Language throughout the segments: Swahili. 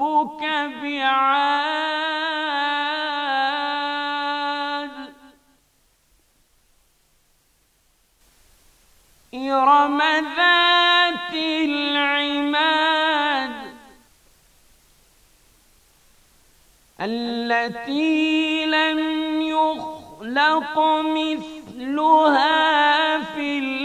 ربك بعاد إرم ذات العماد التي لم يخلق مثلها في الأرض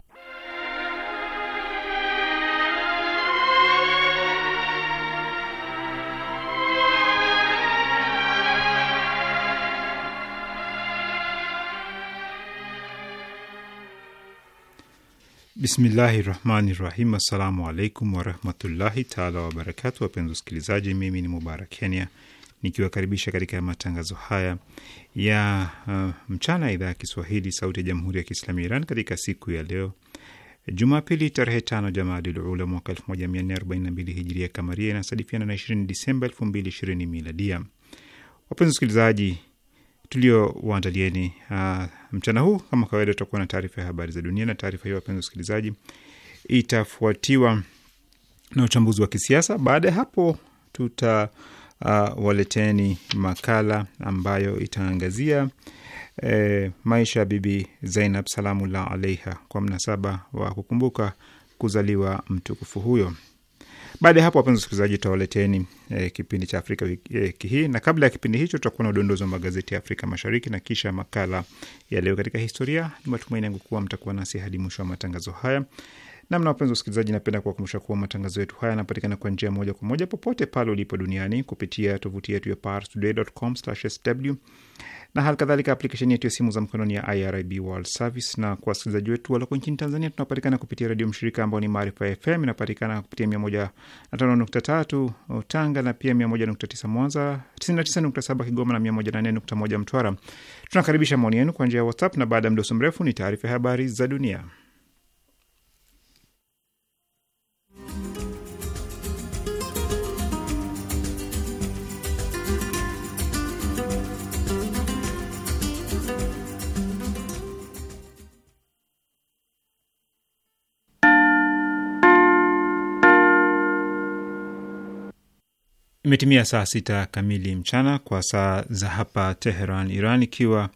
Bismillahi rahmani rahim. Assalamu alaikum warahmatullahi taala wabarakatu. Wapenzi wasikilizaji, mimi ni Mubarak Kenya nikiwakaribisha katika matangazo haya ya uh, mchana ya idhaa ya Kiswahili sauti ya jamhuri ya Kiislami ya Iran katika siku ya leo Jumapili tarehe tano Jamaadil Ula mwaka mbili hijiria kamaria inasadifiana na ishirini Disemba ishirini miladia. Wapenzi wasikilizaji tuliowaandalieni uh, mchana huu. Kama kawaida, tutakuwa na taarifa ya habari za dunia, na taarifa hiyo, wapenzi wasikilizaji, itafuatiwa na uchambuzi wa kisiasa. Baada ya hapo, tutawaleteni uh, makala ambayo itaangazia eh, maisha ya Bibi Zainab Salamullah alaiha kwa mnasaba wa kukumbuka kuzaliwa mtukufu huyo. Baada ya hapo, wapenzi wasikilizaji, tutawaleteni e, kipindi cha Afrika wiki eh, hii, na kabla ya kipindi hicho tutakuwa na udondozi wa magazeti ya Afrika Mashariki na kisha makala ya leo katika historia. Ni matumaini yangu kuwa mtakuwa nasi hadi mwisho wa matangazo haya. Namna wapenzi wasikilizaji, napenda kuwakumbusha kuwa matangazo yetu haya yanapatikana kwa njia moja kwa moja popote pale ulipo duniani kupitia tovuti yetu ya parstoday.com/sw na hali kadhalika aplikesheni yetu ya simu za mkononi ya IRIB World Service. Na kwa wasikilizaji wetu walioko nchini Tanzania, tunapatikana kupitia redio mshirika ambao ni Maarifa FM, inapatikana kupitia 105.3 Tanga na pia 101.9 Mwanza, 99.7 Kigoma na 104.1 Mtwara. Tunakaribisha maoni yenu kwa njia ya WhatsApp na baada ya mdoso mrefu ni taarifa ya habari za dunia. Imetimia saa sita kamili mchana kwa saa za hapa Teheran, Iran, ikiwa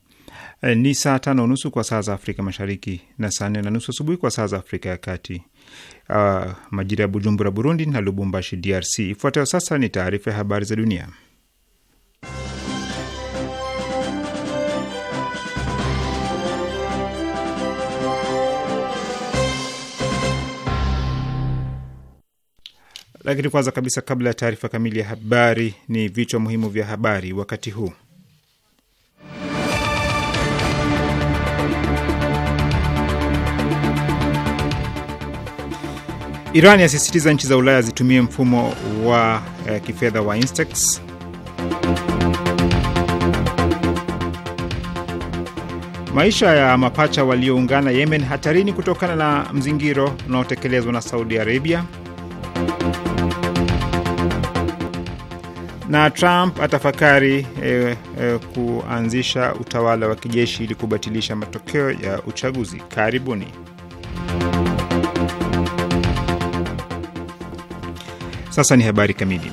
eh, ni saa tano nusu kwa saa za Afrika Mashariki na saa nne na nusu asubuhi kwa saa za Afrika ya Kati, uh, majira ya Bujumbura, Burundi na Lubumbashi, DRC. Ifuatayo sasa ni taarifa ya habari za dunia. Lakini kwanza kabisa, kabla ya taarifa kamili ya habari, ni vichwa muhimu vya habari wakati huu. Iran yasisitiza nchi za Ulaya zitumie mfumo wa eh, kifedha wa Instex. Maisha ya mapacha walioungana Yemen hatarini kutokana na mzingiro unaotekelezwa na Saudi Arabia na Trump atafakari e, e, kuanzisha utawala wa kijeshi ili kubatilisha matokeo ya uchaguzi. Karibuni. Sasa ni habari kamili.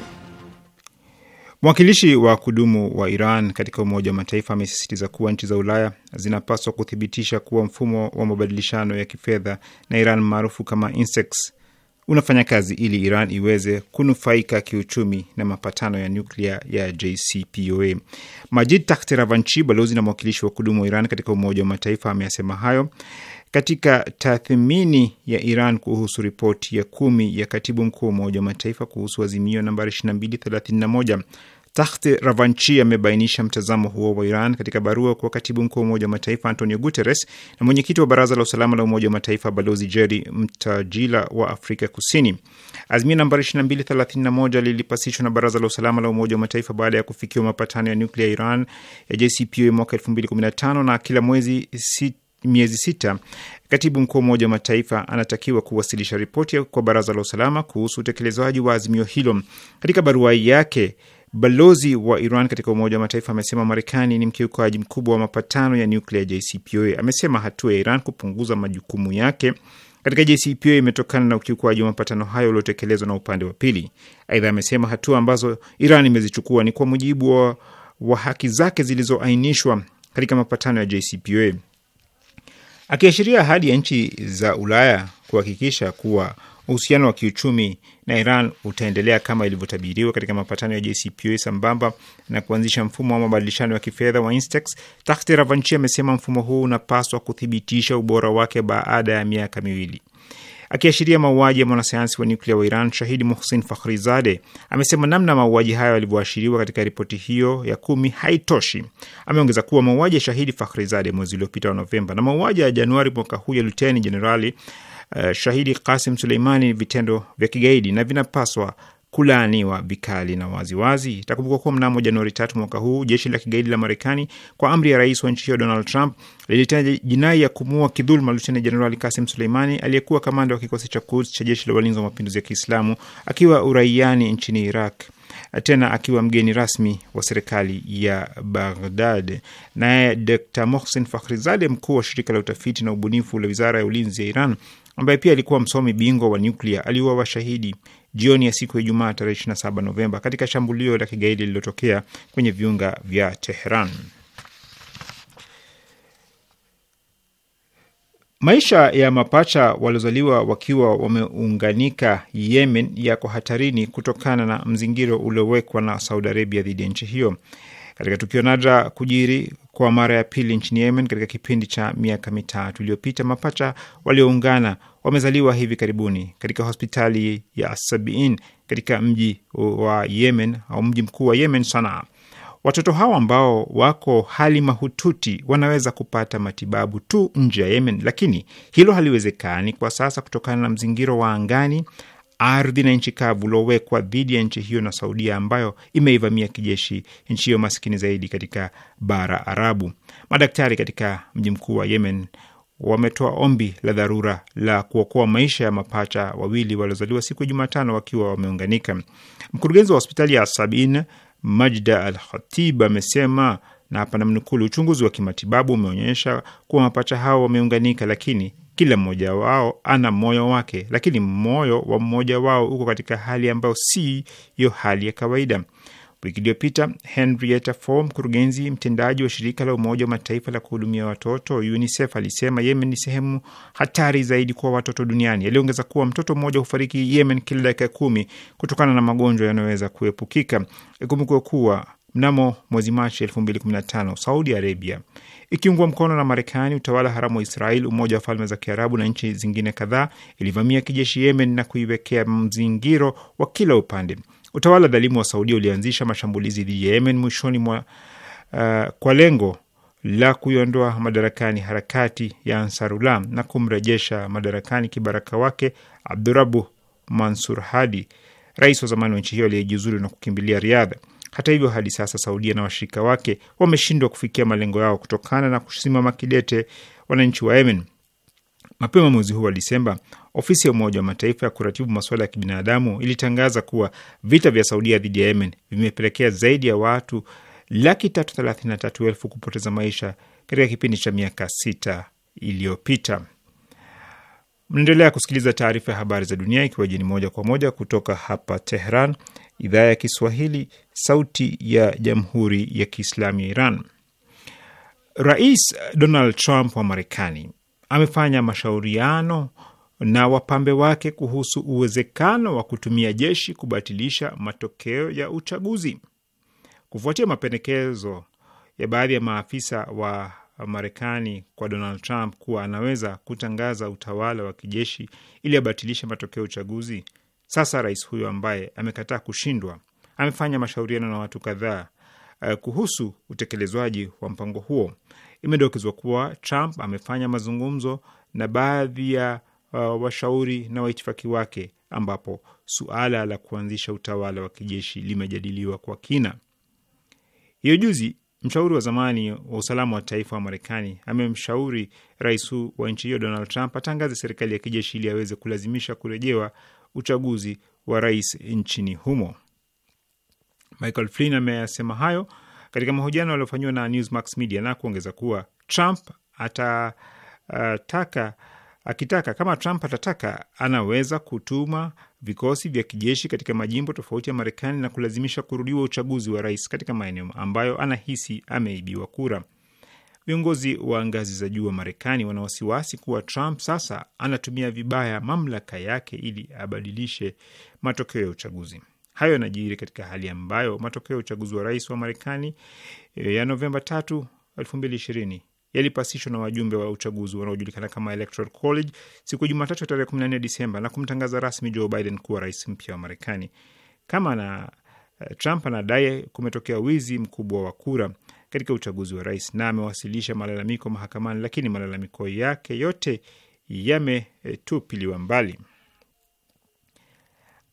Mwakilishi wa kudumu wa Iran katika Umoja wa Mataifa amesisitiza kuwa nchi za Ulaya zinapaswa kuthibitisha kuwa mfumo wa mabadilishano ya kifedha na Iran maarufu kama INSEX unafanya kazi ili Iran iweze kunufaika kiuchumi na mapatano ya nyuklia ya JCPOA. Majid Ravanchi, balozi na mwakilishi wa kudumu wa Iran katika Umoja wa Mataifa, ameyasema hayo katika tathmini ya Iran kuhusu ripoti ya kumi ya katibu mkuu wa Umoja wa Mataifa kuhusu azimio nambari 2231 Takhti Ravanchi amebainisha mtazamo huo wa Iran katika barua kwa katibu mkuu wa Umoja wa Mataifa Antonio Guterres na mwenyekiti wa Baraza la Usalama la Umoja wa Mataifa Balozi jeri Mtajila wa Afrika Kusini. Azimio nambari 2231 lilipasishwa na Baraza la Usalama la Umoja wa Mataifa baada ya kufikiwa mapatano ya nuklia ya Iran ya JCPOA mwaka 2015 na kila mwezi si, miezi sita katibu mkuu wa Umoja wa Mataifa anatakiwa kuwasilisha ripoti kwa Baraza la Usalama kuhusu utekelezaji wa azimio hilo. Katika barua yake Balozi wa Iran katika Umoja wa Mataifa amesema Marekani ni mkiukaji mkubwa wa mapatano ya nuklia JCPOA. Amesema hatua ya Iran kupunguza majukumu yake katika JCPOA imetokana na ukiukaji wa mapatano hayo uliotekelezwa na upande wa pili. Aidha, amesema hatua ambazo Iran imezichukua ni kwa mujibu wa, wa haki zake zilizoainishwa katika mapatano ya JCPOA, akiashiria ahadi ya nchi za Ulaya kuhakikisha kuwa uhusiano wa kiuchumi na Iran utaendelea kama ilivyotabiriwa katika mapatano ya JCPOA sambamba na kuanzisha mfumo wa mabadilishano ya kifedha wa Instex. Takhti Ravanchi amesema mfumo huu unapaswa kuthibitisha ubora wake baada ya miaka miwili. Akiashiria mauaji ya mwanasayansi wa nyuklia wa Iran, Shahidi Muhsin Fakhrizade amesema namna mauaji hayo yalivyoashiriwa katika ripoti hiyo ya kumi haitoshi. Ameongeza kuwa mauaji ya Shahidi Fakhrizade mwezi uliopita wa Novemba na mauaji ya Januari mwaka huu ya luteni jenerali uh, shahidi Kasim Suleimani ni vitendo vya kigaidi na vinapaswa kulaaniwa vikali na waziwazi. Itakumbukwa kuwa mnamo Januari tatu mwaka huu jeshi la kigaidi la Marekani kwa amri ya rais wa nchi hiyo Donald Trump lilitenda jinai ya kumua kidhuluma luteni jenerali Kasim Suleimani aliyekuwa kamanda wa kikosi cha Quds cha jeshi la walinzi wa mapinduzi ya Kiislamu akiwa uraiani nchini Iraq, tena akiwa mgeni rasmi wa serikali ya Baghdad. Naye Dr Mohsin Fakhrizade, mkuu wa shirika la utafiti na ubunifu la wizara ya ulinzi ya Iran, ambaye pia alikuwa msomi bingwa wa nyuklia aliuawa washahidi jioni ya siku ya Ijumaa tarehe 27 Novemba katika shambulio la kigaidi lililotokea kwenye viunga vya Teheran. Maisha ya mapacha waliozaliwa wakiwa wameunganika Yemen yako hatarini kutokana na mzingiro uliowekwa na Saudi Arabia dhidi ya nchi hiyo katika tukio nadra kujiri kwa mara ya pili nchini Yemen katika kipindi cha miaka mitatu iliyopita, mapacha walioungana wamezaliwa hivi karibuni katika hospitali ya sabiin katika mji wa Yemen au mji mkuu wa Yemen, Sanaa. Watoto hao ambao wako hali mahututi wanaweza kupata matibabu tu nje ya Yemen, lakini hilo haliwezekani kwa sasa kutokana na mzingiro wa angani ardhi na nchi kavu uliowekwa dhidi ya nchi hiyo na Saudia ambayo imeivamia kijeshi nchi hiyo maskini zaidi katika bara Arabu. Madaktari katika mji mkuu wa Yemen wametoa ombi la dharura la kuokoa maisha ya mapacha wawili waliozaliwa siku ya Jumatano wakiwa wameunganika. Mkurugenzi wa hospitali ya Sabin Majda Al Khatib amesema na hapa namnukulu, uchunguzi wa kimatibabu umeonyesha kuwa mapacha hao wameunganika, lakini kila mmoja wao ana moyo wake, lakini moyo wa mmoja wao uko katika hali ambayo siyo hali ya kawaida. Wiki iliyopita Henrietta Fore, mkurugenzi mtendaji wa shirika la Umoja wa Mataifa la kuhudumia watoto UNICEF, alisema Yemen ni sehemu hatari zaidi kwa watoto duniani. Aliongeza kuwa mtoto mmoja hufariki Yemen kila dakika kumi kutokana na magonjwa yanayoweza kuepukika. Ikumbukwe kuwa mnamo mwezi Machi 2015 Saudi Arabia ikiungwa mkono na Marekani, utawala haramu wa Israel, Umoja wa Falme za Kiarabu na nchi zingine kadhaa, ilivamia kijeshi Yemen na kuiwekea mzingiro wa kila upande. Utawala dhalimu wa Saudia ulianzisha mashambulizi dhidi ya Yemen mwishoni mwa uh, kwa lengo la kuiondoa madarakani harakati ya Ansarullah na kumrejesha madarakani kibaraka wake Abdurabu Mansur Hadi, rais wa zamani wa nchi hiyo aliyejiuzulu na kukimbilia Riadha. Hata hivyo, hadi sasa Saudia na washirika wake wameshindwa kufikia malengo yao kutokana na kusimama kidete wananchi wa Yemen. Mapema mwezi huu wa Disemba, ofisi ya Umoja wa Mataifa ya kuratibu masuala ya kibinadamu ilitangaza kuwa vita vya Saudia dhidi ya Yemen vimepelekea zaidi ya watu laki tatu thelathini na tatu elfu kupoteza maisha katika kipindi cha miaka sita iliyopita. Mnaendelea kusikiliza taarifa ya habari za dunia, ikiwa jeni moja kwa moja kutoka hapa Tehran, idhaa ya Kiswahili, sauti ya jamhuri ya kiislamu ya Iran. Rais Donald Trump wa Marekani amefanya mashauriano na wapambe wake kuhusu uwezekano wa kutumia jeshi kubatilisha matokeo ya uchaguzi kufuatia mapendekezo ya baadhi ya maafisa wa Marekani kwa Donald Trump kuwa anaweza kutangaza utawala wa kijeshi ili abatilishe matokeo ya uchaguzi. Sasa rais huyo ambaye amekataa kushindwa amefanya mashauriano na watu kadhaa uh, kuhusu utekelezwaji wa mpango huo. Imedokezwa kuwa Trump amefanya mazungumzo na baadhi ya uh, washauri na waitifaki wake ambapo suala la kuanzisha utawala wa kijeshi limejadiliwa kwa kina. Hiyo juzi mshauri wa zamani wa usalama wa taifa wa Marekani amemshauri rais wa nchi hiyo Donald Trump atangaze serikali ya kijeshi ili aweze kulazimisha kurejewa uchaguzi wa rais nchini humo. Michael Flynn ameyasema hayo katika mahojiano aliyofanyiwa na Newsmax Media na kuongeza kuwa Trump atataka uh, akitaka kama Trump atataka anaweza kutuma vikosi vya kijeshi katika majimbo tofauti ya Marekani na kulazimisha kurudiwa uchaguzi wa rais katika maeneo ambayo anahisi ameibiwa kura. Viongozi wa ngazi za juu wa Marekani wana wasiwasi kuwa Trump sasa anatumia vibaya mamlaka yake ili abadilishe matokeo ya uchaguzi. Hayo yanajiri katika hali ambayo matokeo ya uchaguzi wa rais wa Marekani eh, ya Novemba 3, 2020 yalipasishwa na wajumbe wa uchaguzi wanaojulikana kama Electoral College siku ya Jumatatu tarehe 14 Disemba na kumtangaza rasmi Joe Biden kuwa rais mpya wa Marekani. Kama na eh, Trump anadai kumetokea wizi mkubwa wa kura katika uchaguzi wa rais na amewasilisha malalamiko mahakamani, lakini malalamiko yake yote yametupiliwa mbali.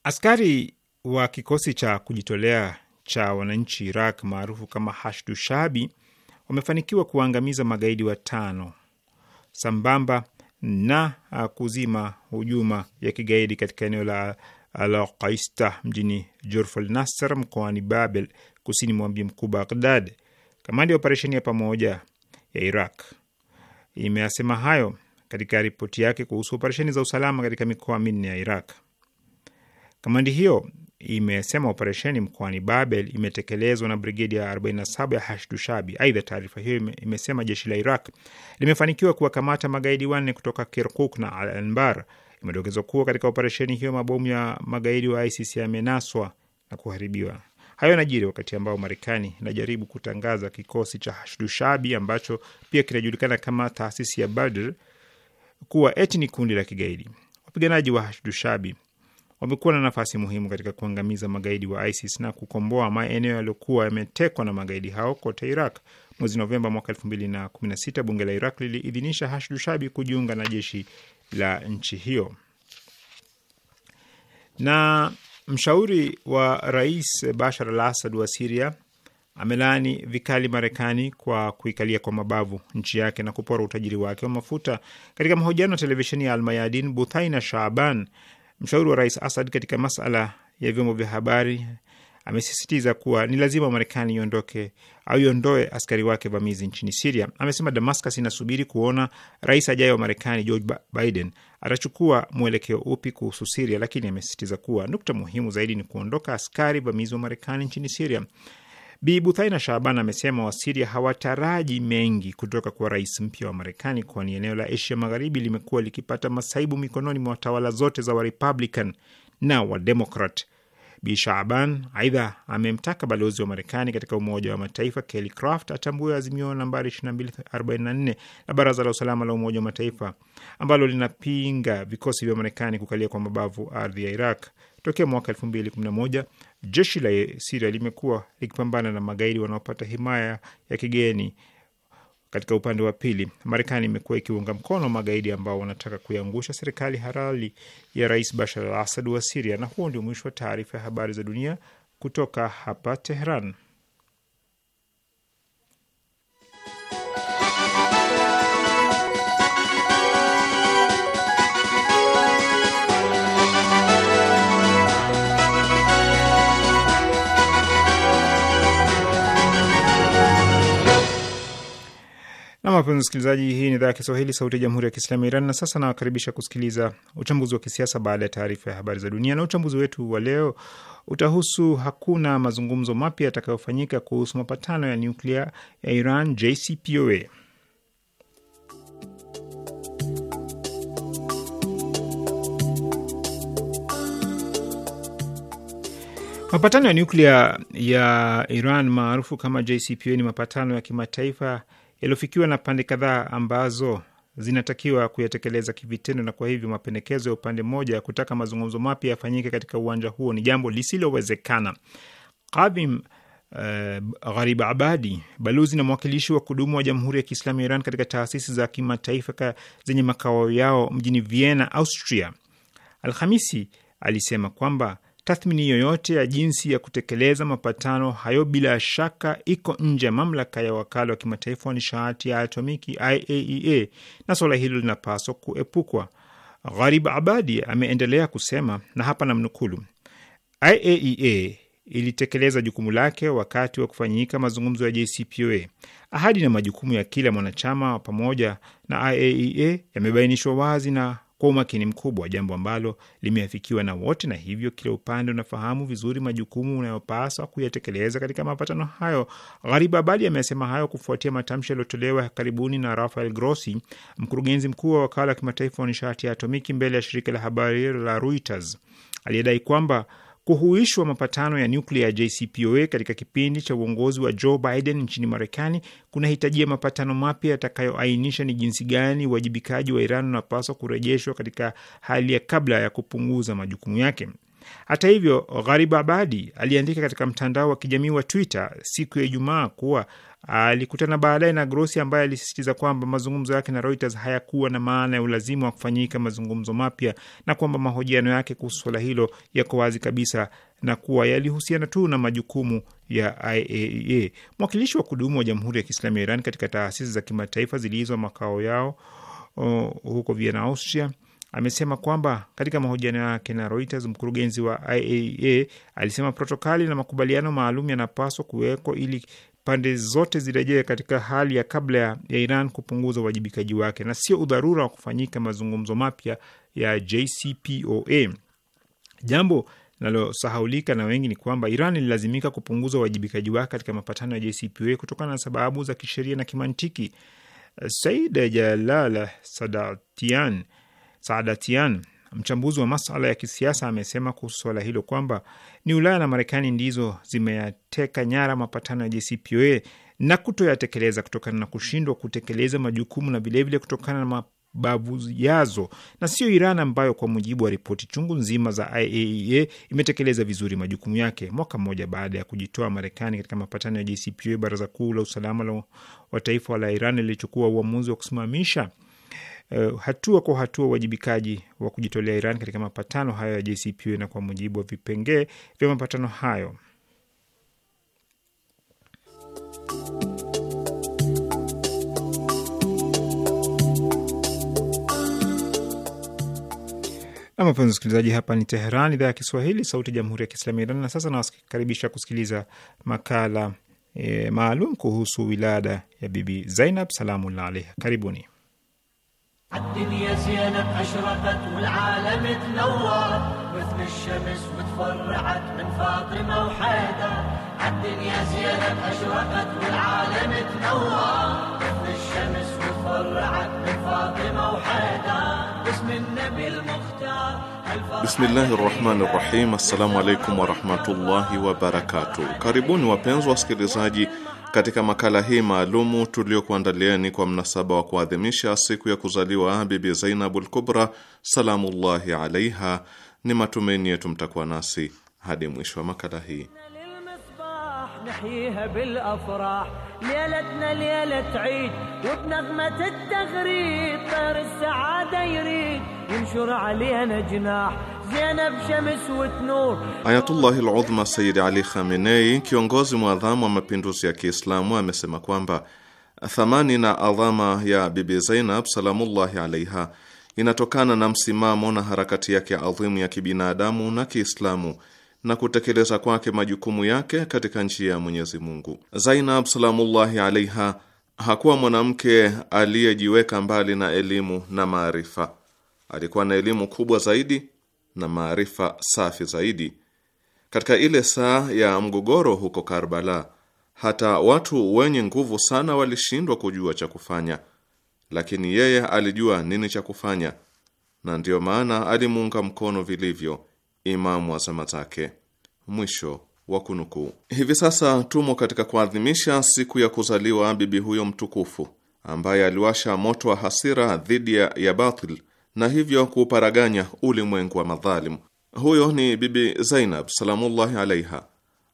Askari wa kikosi cha kujitolea cha wananchi Iraq maarufu kama Hashdu Shabi wamefanikiwa kuwaangamiza magaidi watano sambamba na uh, kuzima hujuma ya kigaidi katika eneo la uh, al mjini Jurf al-Nasr mkoani Babel kusini mwa mji mkuu Baghdad. Kamandi ya operesheni ya pamoja ya Iraq imeasema hayo katika ripoti yake kuhusu operesheni za usalama katika mikoa minne ya Iraq. Kamandi hiyo imesema operesheni mkoani Babel imetekelezwa na brigedi ya 47 ya Hashdushabi. Aidha, taarifa hiyo imesema jeshi la Iraq limefanikiwa kuwakamata magaidi wanne kutoka Kirkuk na Al Anbar. Imedokezwa kuwa katika operesheni hiyo mabomu ya magaidi wa ISIS yamenaswa na kuharibiwa. Hayo yanajiri wakati ambao Marekani inajaribu kutangaza kikosi cha Hashdushabi ambacho pia kinajulikana kama taasisi ya Badr kuwa eti ni kundi la kigaidi. Wapiganaji wa Hashdushabi wamekuwa na nafasi muhimu katika kuangamiza magaidi wa ISIS na kukomboa maeneo yaliyokuwa yametekwa na magaidi hao kote Iraq. Mwezi Novemba mwaka elfu mbili na kumi na sita bunge la Iraq liliidhinisha Hashdushabi kujiunga na jeshi la nchi hiyo na Mshauri wa rais Bashar al Assad wa Siria amelaani vikali Marekani kwa kuikalia kwa mabavu nchi yake na kupora utajiri wake wa mafuta. Katika mahojiano ya televisheni ya Almayadin, Buthaina Shaaban, mshauri wa rais Assad katika masala ya vyombo vya habari amesisitiza kuwa ni lazima Marekani iondoke au iondoe askari wake vamizi nchini Siria. Amesema Damascus inasubiri kuona rais ajaye wa Marekani George Biden atachukua mwelekeo upi kuhusu Siria, lakini amesisitiza kuwa nukta muhimu zaidi ni kuondoka askari vamizi wa Marekani nchini Siria. Bi Buthaina Shaban amesema Wasiria hawataraji mengi kutoka kwa rais mpya wa Marekani, kwani eneo la Asia Magharibi limekuwa likipata masaibu mikononi mwa tawala zote za Warepublican na Wademokrat Bi Aidha, amemtaka balozi wa Marekani katika Umoja wa Mataifa Kelly Craft atambue azimio nambari 2244 la Baraza la Usalama la Umoja wa Mataifa ambalo linapinga vikosi vya Marekani kukalia kwa mabavu ardhi ya Iraq. Tokea mwaka 2011 jeshi la Siria limekuwa likipambana na magaidi wanaopata himaya ya kigeni katika upande wa pili, Marekani imekuwa ikiunga mkono magaidi ambao wanataka kuiangusha serikali halali ya Rais Bashar al Assad wa Siria. Na huo ndio mwisho wa taarifa ya habari za dunia kutoka hapa teheran wapenzi msikilizaji, hii ni idhaa ya Kiswahili sauti ya jamhuri ya kiislamu ya Iran. Na sasa nawakaribisha kusikiliza uchambuzi wa kisiasa baada ya taarifa ya habari za dunia, na uchambuzi wetu wa leo utahusu hakuna mazungumzo mapya yatakayofanyika kuhusu mapatano ya nyuklia ya Iran, JCPOA. Mapatano ya nyuklia ya Iran maarufu kama JCPOA ni mapatano ya kimataifa yaliyofikiwa na pande kadhaa ambazo zinatakiwa kuyatekeleza kivitendo, na kwa hivyo mapendekezo ya upande mmoja ya kutaka mazungumzo mapya yafanyike katika uwanja huo ni jambo lisilowezekana. Kavim Uh, Gharib Abadi, balozi na mwakilishi wa kudumu wa Jamhuri ya Kiislamu ya Iran katika taasisi za kimataifa zenye makao yao mjini Vienna, Austria, Alhamisi alisema kwamba Tathmini yoyote ya jinsi ya kutekeleza mapatano hayo bila shaka iko nje ya mamlaka ya wakala wa kimataifa wa nishati ya atomiki IAEA e na suala hilo linapaswa kuepukwa. Gharib Abadi ameendelea kusema, na hapa namnukulu: IAEA e ilitekeleza jukumu lake wakati wa kufanyika mazungumzo ya JCPOA. Ahadi na majukumu ya kila mwanachama pamoja na IAEA e yamebainishwa wazi na kwa umakini mkubwa, jambo ambalo limeafikiwa na wote, na hivyo kila upande unafahamu vizuri majukumu unayopaswa kuyatekeleza katika mapatano hayo. Gharib Abadi amesema hayo kufuatia matamshi yaliyotolewa karibuni na Rafael Grossi, mkurugenzi mkuu wa wakala wa kimataifa wa nishati ya atomiki, mbele ya shirika la habari la Reuters aliyedai kwamba kuhuishwa mapatano ya nyuklia ya JCPOA katika kipindi cha uongozi wa Joe Biden nchini Marekani kunahitajia mapatano mapya yatakayoainisha ni jinsi gani uwajibikaji wa Iran unapaswa kurejeshwa katika hali ya kabla ya kupunguza majukumu yake. Hata hivyo, Gharib Abadi aliandika katika mtandao wa kijamii wa Twitter siku ya Ijumaa kuwa Alikutana baadaye na Grossi ambaye alisisitiza kwamba mazungumzo yake na Reuters hayakuwa na maana ya ulazima wa kufanyika mazungumzo mapya na kwamba mahojiano yake kuhusu suala hilo yako wazi kabisa na kuwa yalihusiana tu na majukumu ya IAEA. E. Mwakilishi wa kudumu wa Jamhuri ya Kiislamu ya Iran katika taasisi za kimataifa zilizo makao yao uh, huko Vienna, Austria amesema kwamba katika mahojiano yake na Reuters, mkurugenzi wa IAEA e alisema protokali na makubaliano maalum yanapaswa kuwekwa ili pande zote zirejee katika hali ya kabla ya Iran kupunguza uwajibikaji wake na sio udharura wa kufanyika mazungumzo mapya ya JCPOA. Jambo linalosahaulika na wengi ni kwamba Iran ililazimika kupunguza uwajibikaji wake katika mapatano ya JCPOA kutokana na sababu za kisheria na kimantiki. Said Jalal Sadatian Saadatian mchambuzi wa masala ya kisiasa, amesema kuhusu suala hilo kwamba ni Ulaya na Marekani ndizo zimeyateka nyara mapatano ya JCPOA na kutoyatekeleza kutokana na kushindwa kutekeleza majukumu na vilevile kutokana na mabavu yazo, na sio Iran ambayo kwa mujibu wa ripoti chungu nzima za IAEA e imetekeleza vizuri majukumu yake. Mwaka mmoja baada ya kujitoa Marekani katika mapatano ya JCPOA, baraza kuu la usalama la wa taifa la Iran lilichukua uamuzi wa kusimamisha uh, hatua kwa hatua uwajibikaji wa kujitolea Iran katika mapatano hayo ya JCPOA na kwa mujibu wa vipengee vya mapatano hayo. Wapenzi wasikilizaji, hapa ni Teheran, idhaa ya Kiswahili, sauti ya jamhuri ya kiislamu ya Iran. Na sasa nawakaribisha kusikiliza makala e, maalum kuhusu wilada ya Bibi Zainab salamun alaiha. Karibuni. الدنيا زينب أشرقت والعالم تنور مثل الشمس وتفرعت من فاطمة وحيدة الدنيا زينب أشرقت والعالم تنور مثل الشمس وتفرعت من فاطمة وحيدة باسم النبي المختار بسم الله الرحمن الرحيم. Assalamu alaikum warahmatullahi wabarakatuh. Karibuni wapenzi wasikilizaji katika makala hii maalumu tuliokuandalieni kwa mnasaba wa kuadhimisha siku ya kuzaliwa Bibi Zainabul Kubra salamullahi alaiha, ni matumaini yetu mtakuwa nasi hadi mwisho wa makala hii. نحييها بالافراح ليلتنا ليله عيد وبنغمه التغريد طير السعاده يريد ينشر علينا جناح زينب شمس وتنور Ayatullahi الله العظمى سيد علي خامنئي kiongozi mwadhamu wa mapinduzi ya Kiislamu amesema kwamba thamani na adhama ya Bibi Zainab salamullahi alaiha inatokana na msimamo na harakati yake adhimu ya kibinadamu na Kiislamu na kutekeleza kwake majukumu yake katika njia ya Mwenyezi Mungu. Zainab salamullahi alaiha hakuwa mwanamke aliyejiweka mbali na elimu na maarifa. Alikuwa na elimu kubwa zaidi na maarifa safi zaidi. Katika ile saa ya mgogoro huko Karbala, hata watu wenye nguvu sana walishindwa kujua cha kufanya, lakini yeye alijua nini cha kufanya, na ndiyo maana alimuunga mkono vilivyo Imamu zama zake. Mwisho wa kunukuu. Hivi sasa tumo katika kuadhimisha siku ya kuzaliwa bibi huyo mtukufu ambaye aliwasha moto wa hasira dhidi ya batil na hivyo kuuparaganya ulimwengu wa madhalimu. Huyo ni Bibi Zainab salamullahi alaiha,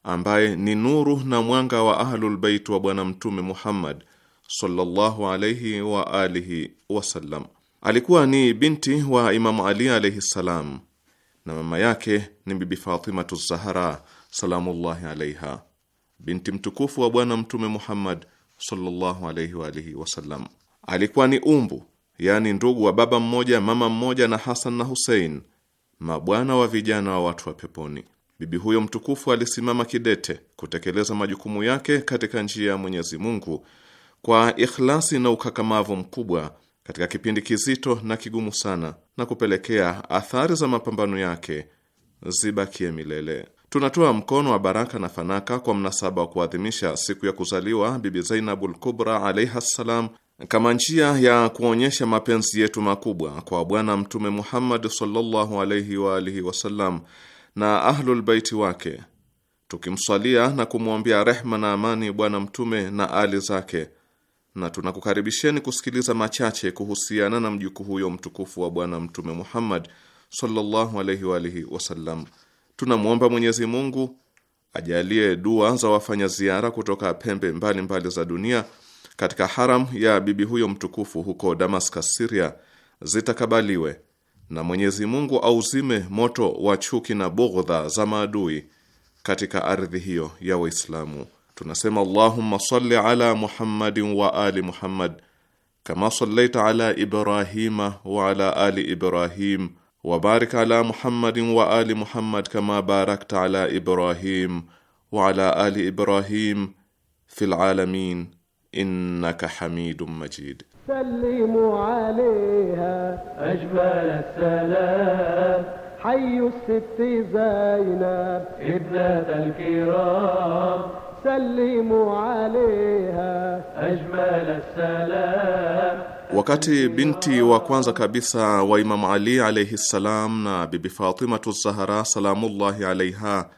ambaye ni nuru na mwanga wa Ahlulbeit wa Bwana Mtume Muhammad sallallahu alaihi wa alihi wasallam. Alikuwa ni binti wa Imamu Ali alaihi ssalam na mama yake ni Bibi Fatimatu Zahara salamullahi alaiha, binti mtukufu wa Bwana Mtume Muhammad sallallahu alaihi wa alihi wasallam. Alikuwa ni umbu, yaani ndugu wa baba mmoja mama mmoja na Hasan na Husein, mabwana wa vijana wa watu wa peponi. Bibi huyo mtukufu alisimama kidete kutekeleza majukumu yake katika njia ya Mwenyezi Mungu kwa ikhlasi na ukakamavu mkubwa katika kipindi kizito na kigumu sana na kupelekea athari za mapambano yake zibakie milele. Tunatoa mkono wa baraka na fanaka kwa mnasaba wa kuadhimisha siku ya kuzaliwa Bibi Zainabul Kubra alaiha ssalam, kama njia ya kuonyesha mapenzi yetu makubwa kwa Bwana Mtume Muhammad sallallahu alaihi wa alihi wasallam na ahlulbaiti wake, tukimswalia na kumwombea rehma na amani Bwana Mtume na ali zake na tunakukaribisheni kusikiliza machache kuhusiana na mjukuu huyo mtukufu wa Bwana Mtume Muhammad sallallahu alaihi wa alihi wasallam. Tunamwomba Mwenyezi Mungu ajalie dua za wafanya ziara kutoka pembe mbalimbali mbali za dunia katika haram ya bibi huyo mtukufu huko Damascus, Syria zitakabaliwe na Mwenyezi Mungu auzime moto wa chuki na bughdha za maadui katika ardhi hiyo ya Waislamu. tunasema Allahumma salli ala Muhammadin wa ali Muhammad kama sallaita ala Ibrahima wa ala ali Ibrahim wa barik ala Muhammadin wa ali Muhammad kama barakta ala Ibrahim wa ala ali Ibrahim fil alamin innaka hamidum majid. Sallimu سلموا عليها أجمل السلام حي Zainab ibnat al-kiram سلموا عليها أجمل salam. Wakati binti wa kwanza kabisa wa Imamu Ali alayhi salam na Bibi Fatimatu Zahra salamullahi alaiha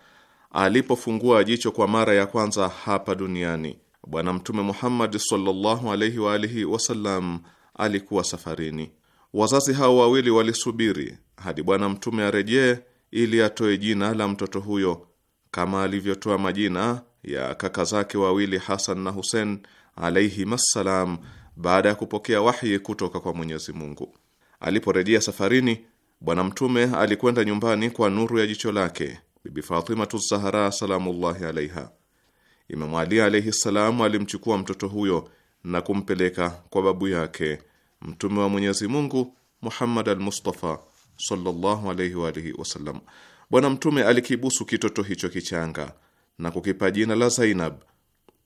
alipofungua jicho kwa mara ya kwanza hapa duniani, Bwana Mtume Muhammad sallallahu alayhi wa alihi wasallam alikuwa safarini. Wazazi hao wawili walisubiri hadi Bwana Mtume arejee ili atoe jina la mtoto huyo kama alivyotoa majina ya kaka zake wawili Hasan na Husen alaihimassalam, baada ya kupokea wahi kutoka kwa Mwenyezi Mungu. Aliporejea safarini, Bwana Mtume alikwenda nyumbani kwa nuru ya jicho lake Bibi Fatimatu Zahra salamullahi alaiha. Imamu Ali alaihi salam alimchukua mtoto huyo na kumpeleka kwa babu yake Mtume wa Mwenyezi Mungu Muhammad al-Mustafa sallallahu alaihi wa alihi wasallam. Bwana Mtume alikibusu kitoto hicho kichanga na kukipa jina la Zainab.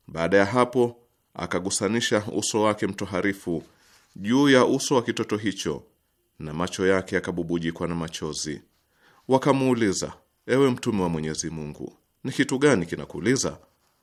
Baada ya hapo, akagusanisha uso wake mtoharifu juu ya uso wa kitoto hicho na macho yake yakabubujikwa na machozi. Wakamuuliza, ewe mtume wa Mwenyezi Mungu, ni kitu gani kinakuuliza?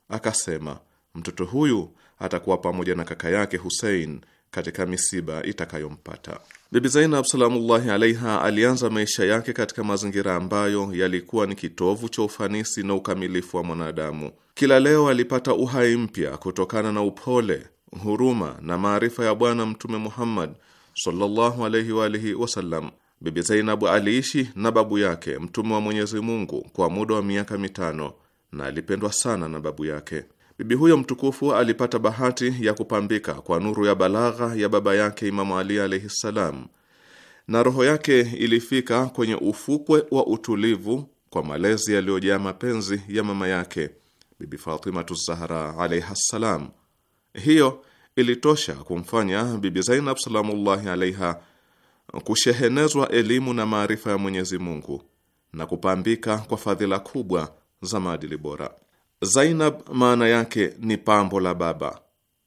Akasema, mtoto huyu atakuwa pamoja na kaka yake Hussein katika misiba itakayompata. Bibi Zainab salamullahi alaiha alianza maisha yake katika mazingira ambayo yalikuwa ni kitovu cha ufanisi na ukamilifu wa mwanadamu. Kila leo alipata uhai mpya kutokana na upole, huruma na maarifa ya Bwana Mtume Muhammad sallallahu alaihi wa alihi wasallam. Bibi Zainabu aliishi na babu yake Mtume wa Mwenyezi Mungu kwa muda wa miaka mitano na alipendwa sana na babu yake. Bibi huyo mtukufu alipata bahati ya kupambika kwa nuru ya balagha ya baba yake Imamu Ali alaihi ssalam, na roho yake ilifika kwenye ufukwe wa utulivu kwa malezi yaliyojaa mapenzi ya mama yake Bibi Fatimatu Zahra alaiha ssalam. Hiyo ilitosha kumfanya Bibi Zainab salamullahi alaiha kushehenezwa elimu na maarifa ya Mwenyezi Mungu na kupambika kwa fadhila kubwa za maadili bora. Zainab maana yake ni pambo la baba,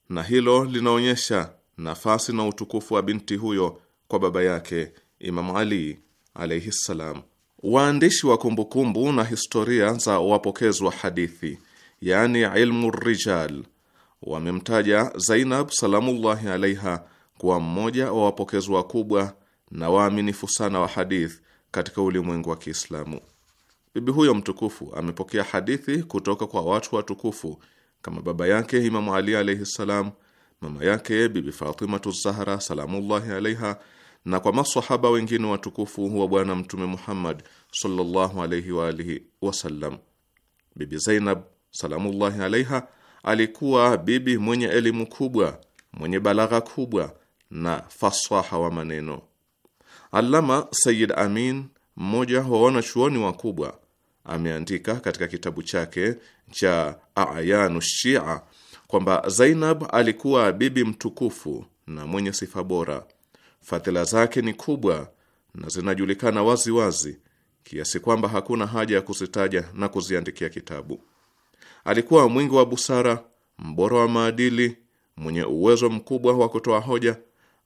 na hilo linaonyesha nafasi na utukufu wa binti huyo kwa baba yake imam Ali alaihi ssalam. Waandishi wa kumbukumbu kumbu na historia za wapokezwa hadithi, yani ilmu rijal, wamemtaja Zainab salamullahi alaiha kuwa mmoja wa wapokezwa wakubwa na waaminifu sana wa hadith katika ulimwengu wa Kiislamu. Bibi huyo mtukufu amepokea hadithi kutoka kwa watu watukufu kama baba yake Imamu Ali alaihi ssalam, mama yake Bibi Fatimatu Zahra salamullahi alaiha, na kwa masahaba wengine watukufu wa Bwana Mtume Muhammad sallallahu alaihi wa alihi wasallam. Bibi Zainab salamullahi alaiha alikuwa bibi mwenye elimu kubwa, mwenye balagha kubwa na fasaha wa maneno. Allama Sayyid Amin, mmoja wa wanachuoni wakubwa ameandika katika kitabu chake cha Ayanu Shia kwamba Zainab alikuwa bibi mtukufu na mwenye sifa bora. Fadhila zake ni kubwa na zinajulikana wazi wazi kiasi kwamba hakuna haja ya kuzitaja na kuziandikia kitabu. Alikuwa mwingi wa busara, mbora wa maadili, mwenye uwezo mkubwa wa kutoa hoja,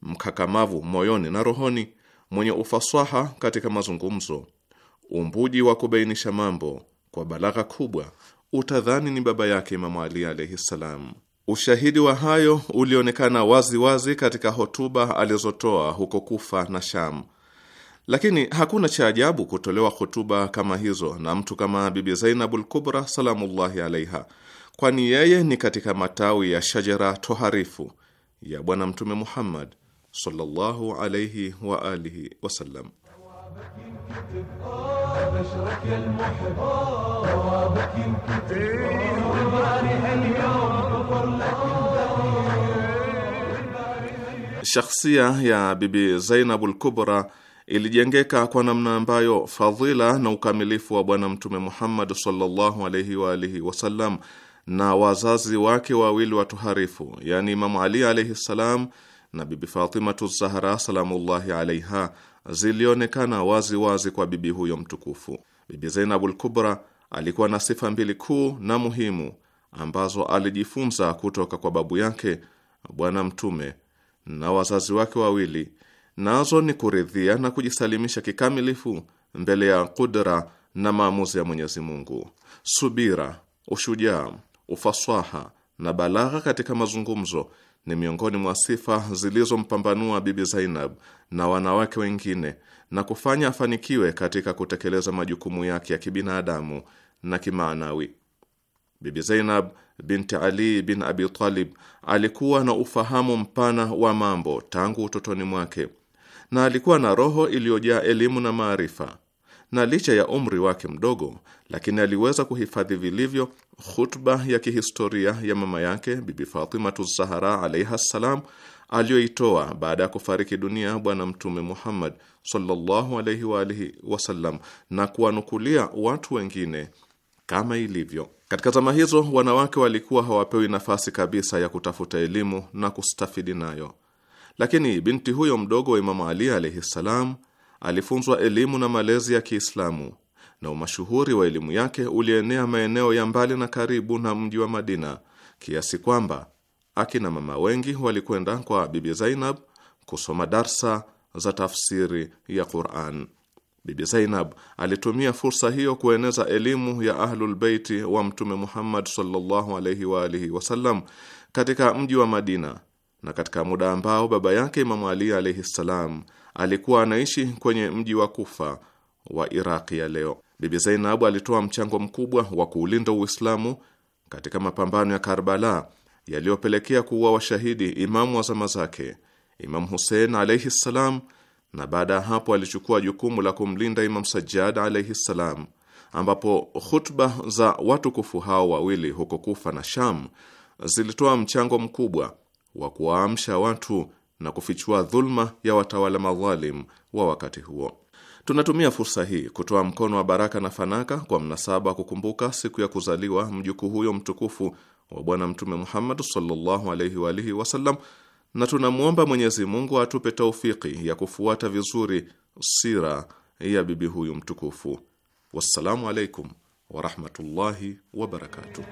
mkakamavu moyoni na rohoni, mwenye ufasaha katika mazungumzo umbuji wa kubainisha mambo kwa balagha kubwa, utadhani ni baba yake Imamu Ali alaihi ssalam. Ushahidi wa hayo ulionekana waziwazi wazi katika hotuba alizotoa huko Kufa na Sham, lakini hakuna cha ajabu kutolewa hotuba kama hizo na mtu kama Bibi Zainabul Kubra salamullahi alaiha, kwani yeye ni katika matawi ya shajara toharifu ya Bwana Mtume Muhammad sallallahu alaihi wa alihi wasallam. Shakhsia ya Bibi Zainabul Kubra ilijengeka kwa namna ambayo fadhila na ukamilifu wa Bwana Mtume Muhammad sallallahu alaihi wa alihi wasallam na wazazi wake wawili watuharifu, yaani Imamu Ali alaihi ssalam na Bibi Fatimatu Zahra salamullahi alaiha zilionekana wazi wazi kwa bibi huyo mtukufu. Bibi Zainabul Kubra alikuwa na sifa mbili kuu na muhimu ambazo alijifunza kutoka kwa babu yake Bwana Mtume na wazazi wake wawili, nazo ni kuridhia na kujisalimisha kikamilifu mbele ya kudra na maamuzi ya Mwenyezi Mungu, subira, ushujaa, ufaswaha na balagha katika mazungumzo ni miongoni mwa sifa zilizompambanua Bibi Zainab na wanawake wengine na kufanya afanikiwe katika kutekeleza majukumu yake ya kibinadamu na kimaanawi. Bibi Zainab binti Ali bin Abi Talib alikuwa na ufahamu mpana wa mambo tangu utotoni mwake na alikuwa na roho iliyojaa elimu na maarifa na licha ya umri wake mdogo, lakini aliweza kuhifadhi vilivyo khutba ya kihistoria ya mama yake Bibi Fatimatu Zahara alaiha ssalam aliyoitoa baada ya kufariki dunia Bwana Mtume Muhammad sallallahu alaihi wa alihi wasallam, na kuwanukulia watu wengine kama ilivyo katika zama hizo. Wanawake walikuwa hawapewi nafasi kabisa ya kutafuta elimu na kustafidi nayo, lakini binti huyo mdogo wa Imamu Ali alaihi ssalam alifunzwa elimu na malezi ya Kiislamu na umashuhuri wa elimu yake ulienea maeneo ya mbali na karibu na mji wa Madina kiasi kwamba akina mama wengi walikwenda kwa Bibi Zainab kusoma darsa za tafsiri ya Qur'an. Bibi Zainab alitumia fursa hiyo kueneza elimu ya Ahlul wa Mtume Muhammad sallallahu alaihi wa alihi wasallam katika mji wa Madina na katika muda ambao baba yake Imamu Ali alaihi salam alikuwa anaishi kwenye mji wa Kufa wa Iraqi ya leo. Bibi Zainabu alitoa mchango mkubwa wa kuulinda Uislamu katika mapambano ya Karbala yaliyopelekea kuua washahidi imamu wa zama zake, Imamu Husein alaihi ssalam, na baada ya hapo alichukua jukumu la kumlinda Imamu Sajjad alaihi ssalam, ambapo khutba za watukufu hao wawili huko Kufa na Sham zilitoa mchango mkubwa wa kuwaamsha watu na kufichua dhulma ya watawala madhalim wa wakati huo. Tunatumia fursa hii kutoa mkono wa baraka na fanaka kwa mnasaba wa kukumbuka siku ya kuzaliwa mjukuu huyo mtukufu wa Bwana Mtume Muhammad sallallahu alaihi wa alihi wasallam, na tunamwomba Mwenyezi Mungu atupe taufiki ya kufuata vizuri sira ya bibi huyu mtukufu. Wassalamu alaikum warahmatullahi wabarakatuh.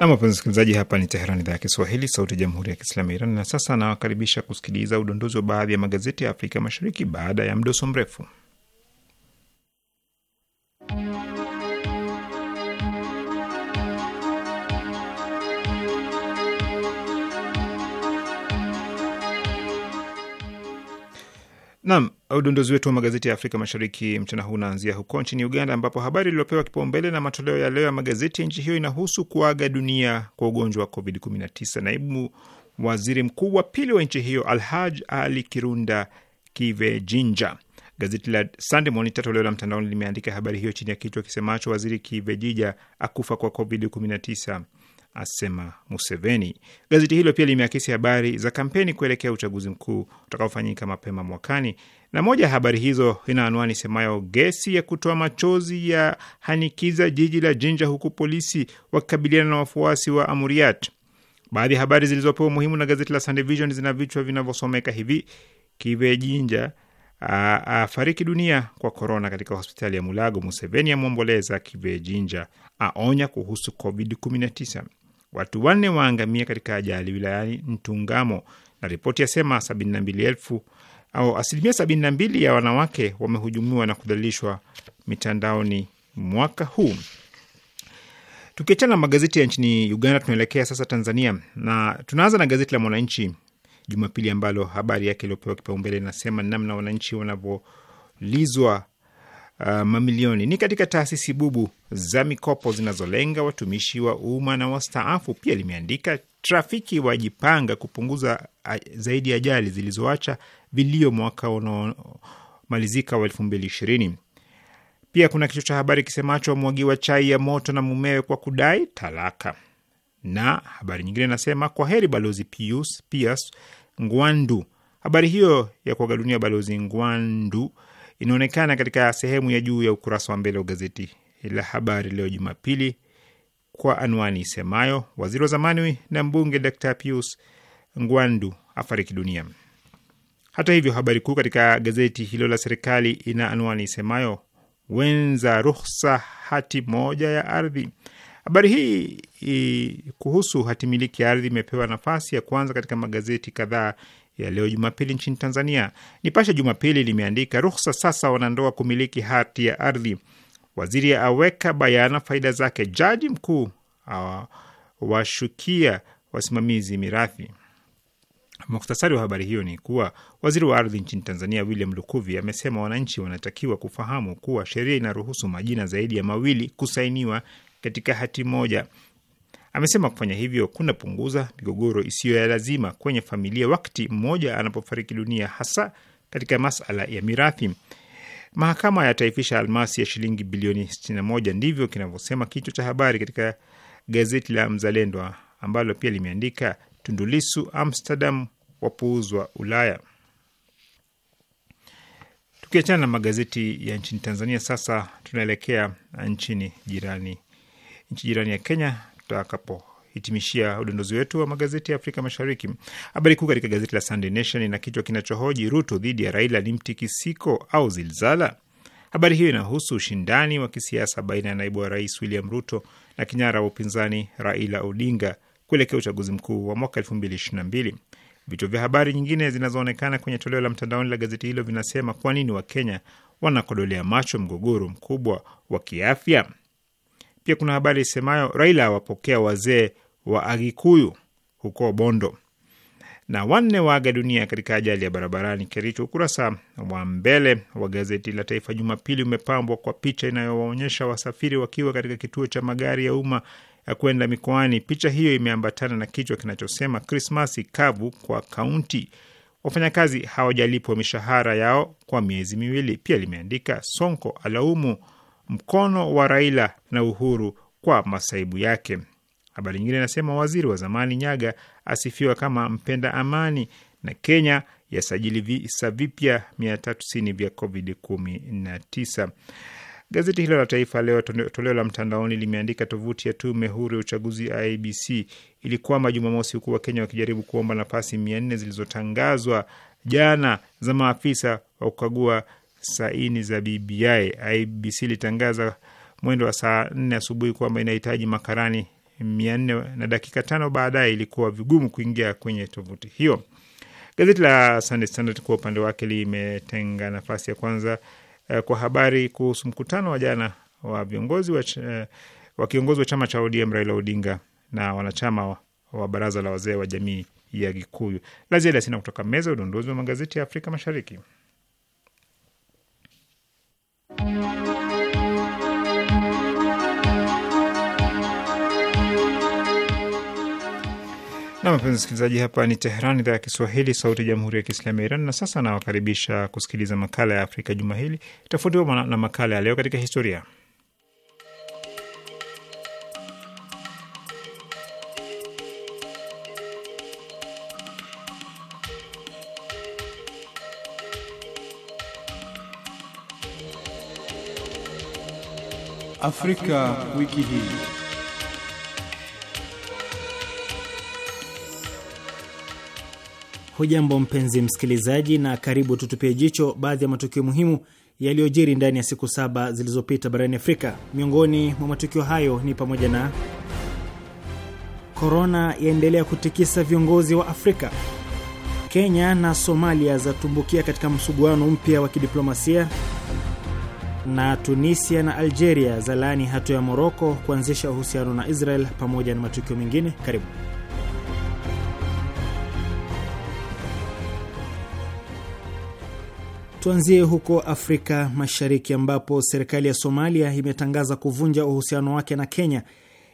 na wapenzi msikilizaji, hapa ni Teheran, idhaa ya Kiswahili, sauti ya jamhuri ya kiislamu ya Iran. Na sasa anawakaribisha kusikiliza udondozi wa baadhi ya magazeti ya Afrika Mashariki baada ya mdoso mrefu. Nam, Udondozi wetu wa magazeti ya Afrika Mashariki mchana huu unaanzia huko nchini Uganda, ambapo habari iliyopewa kipaumbele na matoleo ya leo ya magazeti ya nchi hiyo inahusu kuaga dunia kwa ugonjwa wa COVID-19 naibu waziri mkuu wa pili wa nchi hiyo Alhaj Ali Kirunda Kivejinja. Gazeti la Sunday Monitor toleo la mtandaoni limeandika habari hiyo chini ya kichwa kisemacho, waziri Kivejija akufa kwa COVID-19 asema Museveni. Gazeti hilo pia limeakisi habari za kampeni kuelekea uchaguzi mkuu utakaofanyika mapema mwakani na moja ya habari hizo ina anwani semayo gesi ya kutoa machozi ya hanikiza jiji la Jinja huku polisi wakikabiliana na wafuasi wa Amuriat. Baadhi ya habari zilizopewa umuhimu na gazeti la Sunday Vision zina vichwa vinavyosomeka hivi: Kive Jinja afariki dunia kwa korona katika hospitali ya Mulago, Museveni amwomboleza Kive Jinja, aonya kuhusu COVID-19, watu wanne waangamia katika ajali wilayani Ntungamo, na ripoti yasema 72 elfu au asilimia sabini na mbili ya wanawake wamehujumiwa na kudhalilishwa mitandaoni mwaka huu. Tukiachana na magazeti ya nchini Uganda, tunaelekea sasa Tanzania na tunaanza na gazeti la Mwananchi Jumapili ambalo habari yake iliyopewa kipaumbele inasema namna wananchi wanavyolizwa uh, mamilioni ni katika taasisi bubu za mikopo zinazolenga watumishi wa umma na wastaafu. Pia limeandika trafiki wajipanga kupunguza zaidi ajali zilizoacha vilio mwaka unaomalizika wa elfu mbili ishirini. Pia kuna kichwa cha habari kisemacho wa chai ya moto na mumewe kwa kudai talaka, na habari nyingine inasema kwa heri balozi Pius Pius Ngwandu. Habari hiyo ya kuaga dunia balozi Ngwandu inaonekana katika sehemu ya juu ya ukurasa wa mbele wa gazeti la Habari Leo Jumapili kwa anwani isemayo waziri wa zamani na mbunge Dr Pius Ngwandu afariki dunia. Hata hivyo, habari kuu katika gazeti hilo la serikali ina anwani isemayo wenza ruhusa hati moja ya ardhi. Habari hii i, kuhusu hati miliki ya ardhi imepewa nafasi ya kwanza katika magazeti kadhaa ya leo Jumapili nchini Tanzania. Nipashe Jumapili limeandika ruhusa sasa wanandoa kumiliki hati ya ardhi, waziri aweka bayana faida zake, jaji mkuu awashukia wasimamizi mirathi muktasari wa habari hiyo ni kuwa waziri wa ardhi nchini Tanzania William Lukuvi amesema wananchi wanatakiwa kufahamu kuwa sheria inaruhusu majina zaidi ya mawili kusainiwa katika hati moja. Amesema kufanya hivyo kunapunguza migogoro isiyo ya lazima kwenye familia wakati mmoja anapofariki dunia, hasa katika masala ya mirathi. Mahakama yataifisha almasi ya shilingi bilioni 61, ndivyo kinavyosema kichwa cha habari katika gazeti la Mzalendo ambalo pia limeandika Tundulisu Amsterdam wapuuzwa Ulaya. Tukiachana na magazeti ya nchini Tanzania, sasa tunaelekea nchini jirani, nchi jirani ya Kenya tutakapo hitimishia udondozi wetu wa magazeti ya Afrika Mashariki. Habari kuu katika gazeti la Sunday Nation ina kichwa kinachohoji Ruto dhidi ya Raila ni mtikisiko au zilzala? Habari hiyo inahusu ushindani wa kisiasa baina ya naibu wa rais William Ruto na kinyara wa upinzani Raila Odinga kuelekea uchaguzi mkuu wa mwaka elfu mbili ishirini na mbili. Vichwa vya habari nyingine zinazoonekana kwenye toleo la mtandaoni la gazeti hilo vinasema kwa nini Wakenya wanakodolea macho mgogoro mkubwa wa kiafya. Pia kuna habari isemayo Raila awapokea wazee wa Agikuyu huko Bondo na wanne waaga dunia katika ajali ya barabarani Kericho. Ukurasa wa mbele wa gazeti la Taifa Jumapili umepambwa kwa picha inayowaonyesha wasafiri wakiwa katika kituo cha magari ya umma kwenda mikoani. Picha hiyo imeambatana na kichwa kinachosema Krismasi kavu kwa kaunti, wafanyakazi hawajalipwa mishahara yao kwa miezi miwili. Pia limeandika Sonko alaumu mkono wa Raila na Uhuru kwa masaibu yake. Habari nyingine inasema waziri wa zamani Nyaga asifiwa kama mpenda amani, na Kenya yasajili visa vipya mia vya COVID 19. Gazeti hilo la Taifa Leo toleo la mtandaoni limeandika tovuti ya tume huru ya uchaguzi ibc ilikwama Jumamosi, huku Wakenya wakijaribu kuomba nafasi mia nne zilizotangazwa jana za maafisa wa kukagua saini za BBI. IEBC ilitangaza mwendo wa saa nne asubuhi kwamba inahitaji makarani mia nne na dakika tano baadaye ilikuwa vigumu kuingia kwenye tovuti hiyo. Gazeti la Sunday Standard kwa upande wake limetenga nafasi ya kwanza Eh, kwa habari kuhusu mkutano wa jana wa viongozi wa, eh, wa kiongozi wa chama cha ODM Raila Odinga na wanachama wa, wa baraza la wazee wa jamii ya Gikuyu. La ziada sina kutoka meza udondozi wa magazeti ya Afrika Mashariki. Na mpenzi msikilizaji, hapa ni Teheran, idhaa ya Kiswahili, sauti ya jamhuri ya kiislamu ya Iran. Na sasa nawakaribisha kusikiliza makala ya Afrika juma hili, tofautiwa na makala ya leo katika historia. Afrika wiki hii. Hujambo mpenzi msikilizaji, na karibu tutupie jicho baadhi ya matukio muhimu yaliyojiri ndani ya siku saba zilizopita barani Afrika. Miongoni mwa matukio hayo ni pamoja na korona yaendelea kutikisa viongozi wa Afrika, Kenya na Somalia zatumbukia katika msuguano mpya wa kidiplomasia, na Tunisia na Algeria zalaani hatua ya Moroko kuanzisha uhusiano na Israel, pamoja na matukio mengine. Karibu. Tuanzie huko Afrika Mashariki, ambapo serikali ya Somalia imetangaza kuvunja uhusiano wake na Kenya,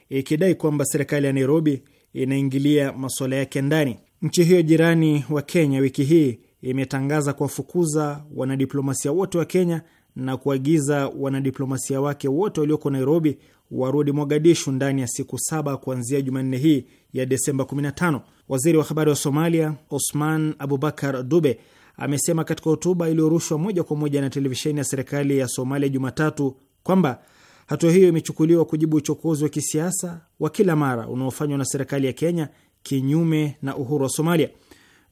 ikidai kwamba serikali ya Nairobi inaingilia masuala yake ndani. Nchi hiyo jirani wa Kenya wiki hii imetangaza kuwafukuza wanadiplomasia wote wa Kenya na kuagiza wanadiplomasia wake wote walioko Nairobi warudi Mogadishu ndani ya siku saba kuanzia Jumanne hii ya Desemba 15. Waziri wa habari wa Somalia Osman Abubakar Dube amesema katika hotuba iliyorushwa moja kwa moja na televisheni ya serikali ya Somalia Jumatatu kwamba hatua hiyo imechukuliwa kujibu uchokozi wa kisiasa wa kila mara unaofanywa na serikali ya Kenya kinyume na uhuru wa Somalia.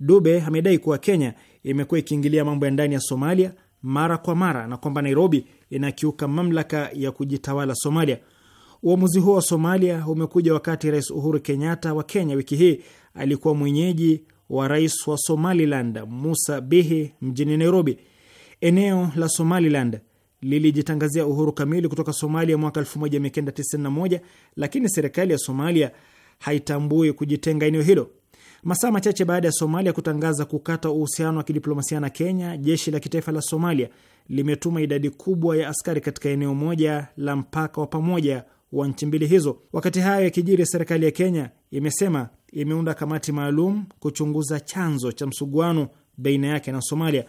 Dube amedai kuwa Kenya imekuwa ikiingilia mambo ya ndani ya Somalia mara kwa mara na kwamba Nairobi inakiuka mamlaka ya kujitawala Somalia. Uamuzi huo wa Somalia umekuja wakati Rais Uhuru Kenyatta wa Kenya wiki hii alikuwa mwenyeji wa rais wa Somaliland Musa Bihi mjini Nairobi. Eneo la Somaliland lilijitangazia uhuru kamili kutoka Somalia mwaka 1991 lakini serikali ya Somalia haitambui kujitenga eneo hilo. Masaa machache baada ya Somalia kutangaza kukata uhusiano wa kidiplomasia na Kenya, jeshi la kitaifa la Somalia limetuma idadi kubwa ya askari katika eneo moja la mpaka wa pamoja wa nchi mbili hizo. Wakati hayo yakijiri, serikali ya Kenya imesema imeunda kamati maalum kuchunguza chanzo cha msuguano baina yake na Somalia.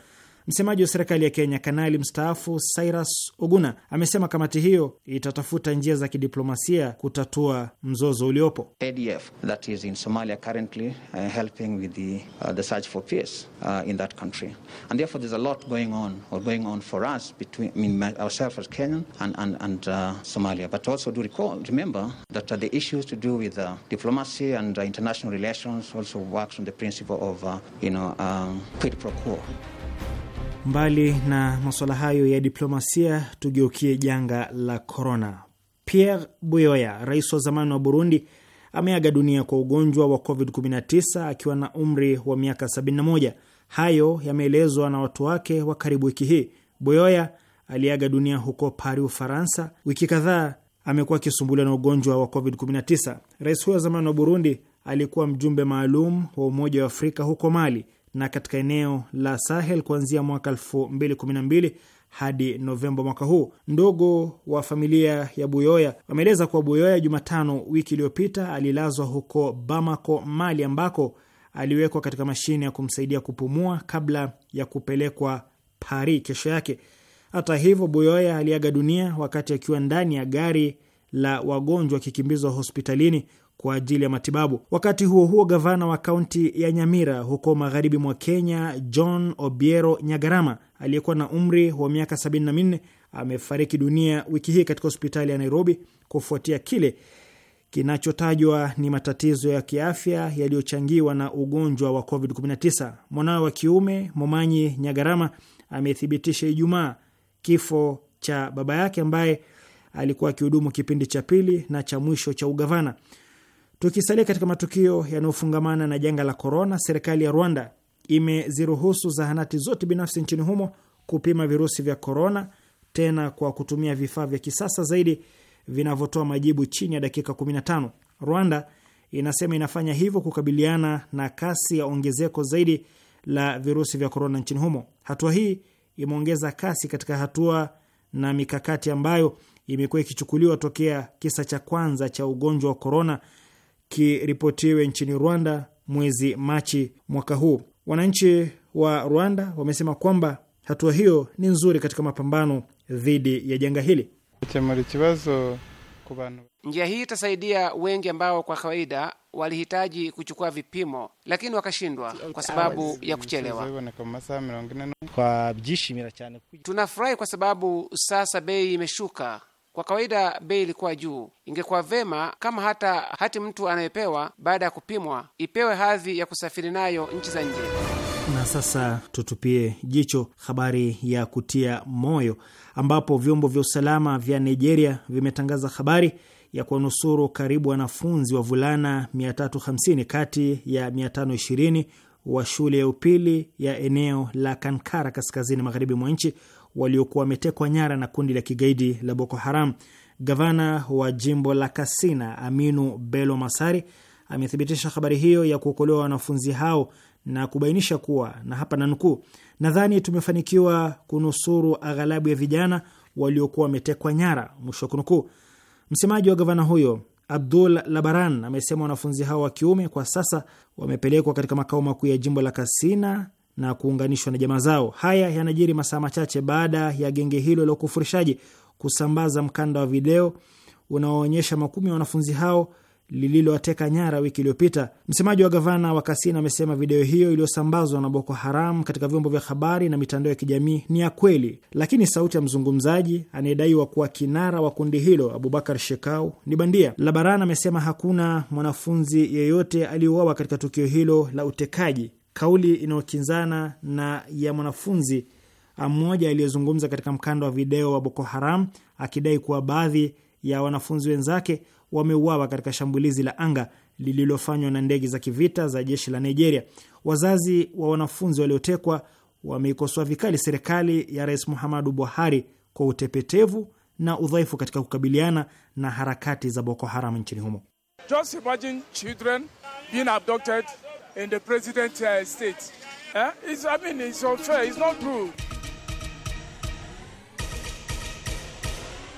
Msemaji wa serikali ya Kenya, kanali mstaafu Cyrus Oguna, amesema kamati hiyo itatafuta njia za kidiplomasia kutatua mzozo uliopo. ADF that is in Somalia currently uh, helping with the, uh, the search for peace uh, in that country and therefore there's a lot going on or going on for us between I mean, ourselves as Kenyan and, and, and uh, Somalia but also do recall, remember that uh, the issues to do with uh, diplomacy and uh, international relations also works on the principle of uh, you know, um, quid pro quo. Mbali na masuala hayo ya diplomasia, tugeukie janga la korona. Pierre Buyoya, rais wa zamani wa Burundi, ameaga dunia kwa ugonjwa wa COVID-19 akiwa na umri wa miaka 71. Hayo yameelezwa na watu wake wa karibu wiki hii. Buyoya aliaga dunia huko Paris, Ufaransa. Wiki kadhaa amekuwa akisumbuliwa na ugonjwa wa COVID-19. Rais huyo wa zamani wa Burundi alikuwa mjumbe maalum wa Umoja wa Afrika huko Mali na katika eneo la Sahel kuanzia mwaka 2012 hadi Novemba mwaka huu. Ndugu wa familia ya Buyoya wameeleza kuwa Buyoya Jumatano wiki iliyopita alilazwa huko Bamako, Mali, ambako aliwekwa katika mashine ya kumsaidia kupumua kabla ya kupelekwa Paris kesho yake. Hata hivyo, Buyoya aliaga dunia wakati akiwa ndani ya gari la wagonjwa akikimbizwa hospitalini kwa ajili ya matibabu. Wakati huo huo, gavana wa kaunti ya Nyamira huko magharibi mwa Kenya, John Obiero Nyagarama aliyekuwa na umri wa miaka 74 amefariki dunia wiki hii katika hospitali ya Nairobi kufuatia kile kinachotajwa ni matatizo ya kiafya yaliyochangiwa na ugonjwa wa COVID-19. Mwanawe wa kiume Momanyi Nyagarama amethibitisha Ijumaa kifo cha baba yake ambaye alikuwa akihudumu kipindi cha pili na cha mwisho cha ugavana. Tukisalia katika matukio yanayofungamana na janga la korona, serikali ya Rwanda imeziruhusu zahanati zote binafsi nchini humo kupima virusi vya korona, tena kwa kutumia vifaa vya kisasa zaidi vinavyotoa majibu chini ya dakika 15. Rwanda inasema inafanya hivyo kukabiliana na kasi ya ongezeko zaidi la virusi vya korona nchini humo. Hatua hii imeongeza kasi katika hatua na mikakati ambayo imekuwa ikichukuliwa tokea kisa cha kwanza cha ugonjwa wa korona kiripotiwe nchini Rwanda mwezi Machi mwaka huu. Wananchi wa Rwanda wamesema kwamba hatua hiyo ni nzuri katika mapambano dhidi ya janga hili. Njia hii itasaidia wengi ambao kwa kawaida walihitaji kuchukua vipimo lakini wakashindwa kwa sababu ya kuchelewa. Tunafurahi kwa sababu sasa bei imeshuka kwa kawaida bei ilikuwa juu. Ingekuwa vema kama hata hati mtu anayepewa baada ya kupimwa ipewe hadhi ya kusafiri nayo nchi za nje. Na sasa tutupie jicho habari ya kutia moyo, ambapo vyombo vya usalama vya Nigeria vimetangaza habari ya kuwanusuru karibu wanafunzi wa vulana 350 kati ya 520 wa shule ya upili ya eneo la Kankara kaskazini magharibi mwa nchi waliokuwa wametekwa nyara na kundi la kigaidi la Boko Haram. Gavana wa jimbo la Kasina, Aminu Bello Masari, amethibitisha habari hiyo ya kuokolewa wanafunzi hao na kubainisha kuwa, na hapa na nukuu, nadhani tumefanikiwa kunusuru aghalabu ya vijana waliokuwa wametekwa nyara, mwisho wa kunukuu. Msemaji wa gavana huyo Abdul Labaran amesema wanafunzi hao wa kiume kwa sasa wamepelekwa katika makao makuu ya jimbo la Kasina na kuunganishwa na jamaa zao. Haya yanajiri masaa machache baada ya genge hilo la ukufurishaji kusambaza mkanda wa video unaoonyesha makumi ya wanafunzi hao lililowateka nyara wiki iliyopita. Msemaji wa gavana wa Kasina amesema video hiyo iliyosambazwa na Boko Haram katika vyombo vya habari na mitandao ya kijamii ni ya kweli, lakini sauti ya mzungumzaji anayedaiwa kuwa kinara wa kundi hilo Abubakar Shekau ni bandia. Labaran amesema hakuna mwanafunzi yeyote aliyeuawa katika tukio hilo la utekaji kauli inayokinzana na ya mwanafunzi ah, mmoja aliyezungumza katika mkanda wa video wa Boko Haram akidai kuwa baadhi ya wanafunzi wenzake wameuawa katika shambulizi la anga lililofanywa na ndege za kivita za jeshi la Nigeria. Wazazi wa wanafunzi waliotekwa wameikosoa vikali serikali ya Rais Muhammadu Buhari kwa utepetevu na udhaifu katika kukabiliana na harakati za Boko Haram nchini humo. Just imagine children being abducted in the president's uh, state. Eh? It's, I mean, it's unfair, it's not true.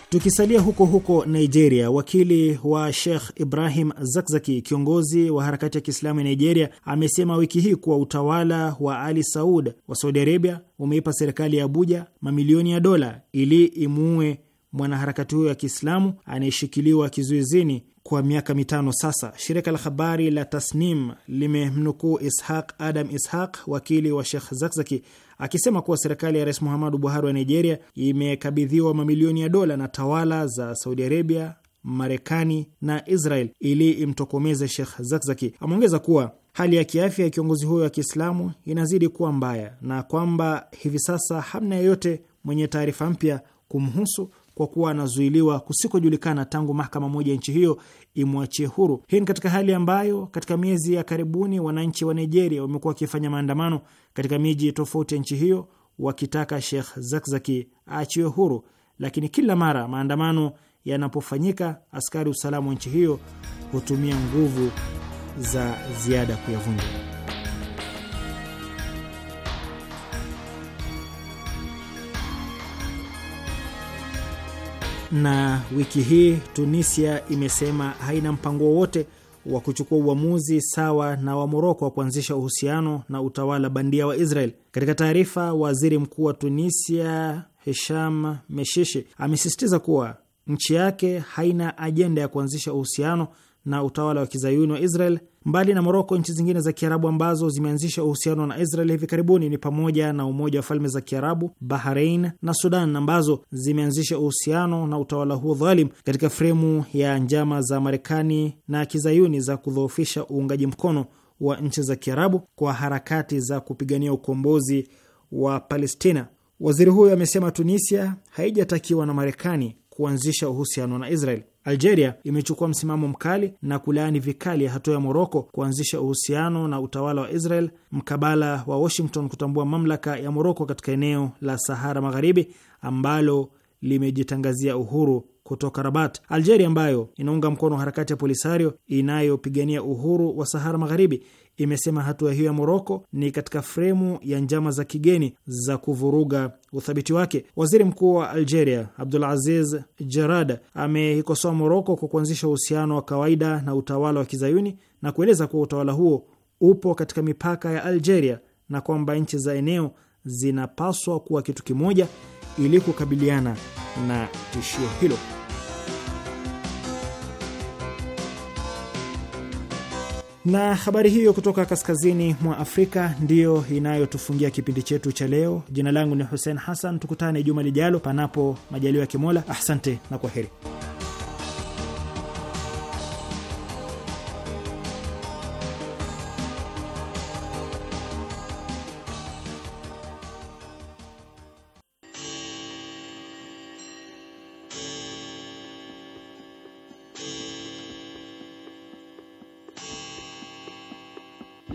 Tukisalia huko huko Nigeria, wakili wa Sheikh Ibrahim Zakzaki, kiongozi wa harakati ya Kiislamu ya Nigeria, amesema wiki hii kuwa utawala wa Ali Saud wa Saudi Arabia umeipa serikali ya Abuja mamilioni ya dola ili imuue mwanaharakati huyo wa Kiislamu anayeshikiliwa kizuizini kwa miaka mitano sasa. Shirika la habari la Tasnim limemnukuu Ishaq Adam Ishaq, wakili wa shekh Zakzaki, akisema kuwa serikali ya Rais Muhammadu Buhari wa Nigeria imekabidhiwa mamilioni ya dola na tawala za Saudi Arabia, Marekani na Israel ili imtokomeze shekh Zakzaki. Ameongeza kuwa hali ya kiafya ya kiongozi huyo wa Kiislamu inazidi kuwa mbaya na kwamba hivi sasa hamna yeyote mwenye taarifa mpya kumhusu kwa kuwa anazuiliwa kusikojulikana tangu mahakama moja ya nchi hiyo imwachie huru. Hii ni katika hali ambayo katika miezi ya karibuni wananchi wa Nigeria wamekuwa wakifanya maandamano katika miji tofauti ya nchi hiyo wakitaka Sheikh Zakzaki aachiwe huru, lakini kila mara maandamano yanapofanyika, askari usalama wa nchi hiyo hutumia nguvu za ziada kuyavunja. na wiki hii Tunisia imesema haina mpango wowote wa kuchukua uamuzi sawa na wa Moroko wa kuanzisha uhusiano na utawala bandia wa Israel. Katika taarifa, waziri mkuu wa Tunisia Hisham Meshishi amesisitiza kuwa nchi yake haina ajenda ya kuanzisha uhusiano na utawala wa kizayuni wa Israel. Mbali na Moroko, nchi zingine za Kiarabu ambazo zimeanzisha uhusiano na Israel hivi karibuni ni pamoja na Umoja wa Falme za Kiarabu, Bahrain na Sudan, ambazo zimeanzisha uhusiano na utawala huo dhalim katika fremu ya njama za Marekani na kizayuni za kudhoofisha uungaji mkono wa nchi za Kiarabu kwa harakati za kupigania ukombozi wa Palestina. Waziri huyo amesema Tunisia haijatakiwa na Marekani kuanzisha uhusiano na Israel. Algeria imechukua msimamo mkali na kulaani vikali ya hatua ya Moroko kuanzisha uhusiano na utawala wa Israel mkabala wa Washington kutambua mamlaka ya Moroko katika eneo la Sahara Magharibi ambalo limejitangazia uhuru kutoka Rabat. Algeria ambayo inaunga mkono harakati ya Polisario inayopigania uhuru wa Sahara Magharibi imesema hatua hiyo ya Moroko ni katika fremu ya njama za kigeni za kuvuruga uthabiti wake. Waziri mkuu wa Algeria Abdul Aziz jerad ameikosoa Moroko kwa kuanzisha uhusiano wa kawaida na utawala wa kizayuni na kueleza kuwa utawala huo upo katika mipaka ya Algeria na kwamba nchi za eneo zinapaswa kuwa kitu kimoja ili kukabiliana na tishio hilo. Na habari hiyo kutoka kaskazini mwa Afrika ndiyo inayotufungia kipindi chetu cha leo. Jina langu ni Hussein Hassan, tukutane juma lijalo, panapo majaliwa ya Kimola. Asante na kwa heri.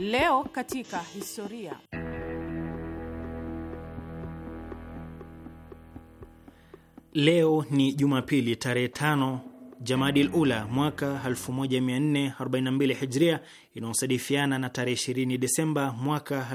Leo katika historia. Leo ni Jumapili tarehe tano Jamadil Ula mwaka 1442 Hijria, inayosadifiana na tarehe 20 Desemba mwaka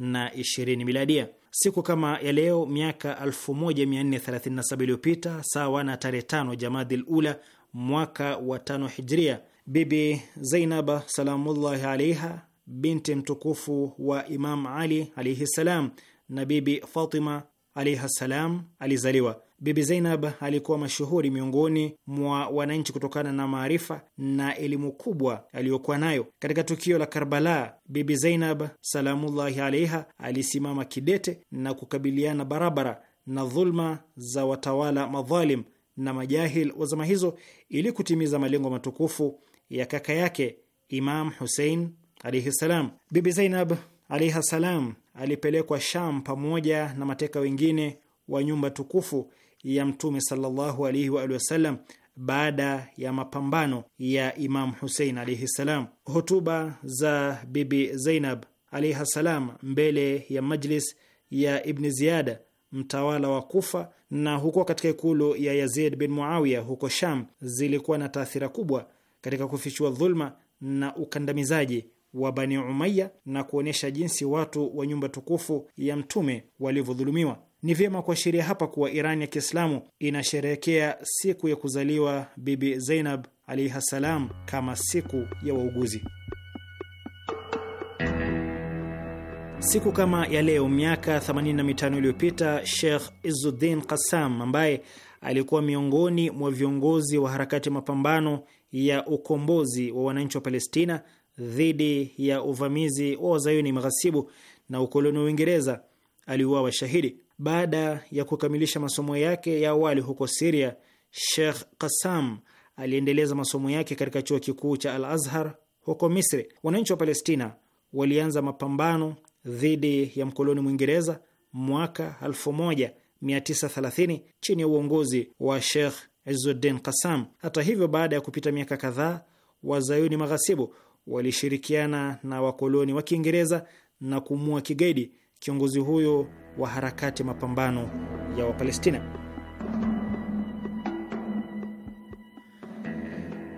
2020 Miladia. Siku kama ya leo miaka 1437 iliyopita, sawa na tarehe tano Jamadil Ula mwaka wa tano Hijria, Bibi Zainaba salamullahi alaiha binti mtukufu wa Imam Ali alaihi ssalam na Bibi Fatima alaihi ssalam alizaliwa. Bibi Zainab alikuwa mashuhuri miongoni mwa wananchi kutokana na maarifa na elimu kubwa aliyokuwa nayo. Katika tukio la Karbala, Bibi Zainab salamullahi alaiha alisimama kidete na kukabiliana barabara na dhulma za watawala madhalim na majahil wa zama hizo ili kutimiza malengo matukufu ya kaka yake Imam Husein alaihi salam. Bibi Zainab alaihi salam alipelekwa Sham pamoja na mateka wengine wa nyumba tukufu ya Mtume sallallahu alaihi wa alihi wasallam baada ya mapambano ya Imam Husein alaihi salam. Hotuba za Bibi Zainab alaihi salam mbele ya majlis ya Ibni Ziyada mtawala wa Kufa na huko katika ikulu ya Yazid bin Muawiya huko Sham zilikuwa na taathira kubwa katika kufichua dhulma na ukandamizaji wa Bani Umaya na kuonyesha jinsi watu wa nyumba tukufu ya Mtume walivyodhulumiwa. Ni vyema kuashiria hapa kuwa Iran ya Kiislamu inasherehekea siku ya kuzaliwa Bibi Zainab alaihi ssalam kama siku ya wauguzi. Siku kama ya leo miaka 85 iliyopita Sheikh Izuddin Qassam ambaye alikuwa miongoni mwa viongozi wa harakati mapambano ya ukombozi wa wananchi wa Palestina dhidi ya uvamizi wa wazayuni maghasibu na ukoloni wa Uingereza aliuawa shahidi. Baada ya kukamilisha masomo yake ya awali huko Siria, Sheikh qasam aliendeleza masomo yake katika chuo kikuu cha Al Azhar huko Misri. Wananchi wa Palestina walianza mapambano dhidi ya mkoloni Mwingereza mwaka 1930 chini ya uongozi wa Sheikh Izuddin Qassam. Hata hivyo, baada ya kupita miaka kadhaa, wazayuni maghasibu walishirikiana na wakoloni wa Kiingereza na kumua kigaidi kiongozi huyo wa harakati mapambano ya Wapalestina.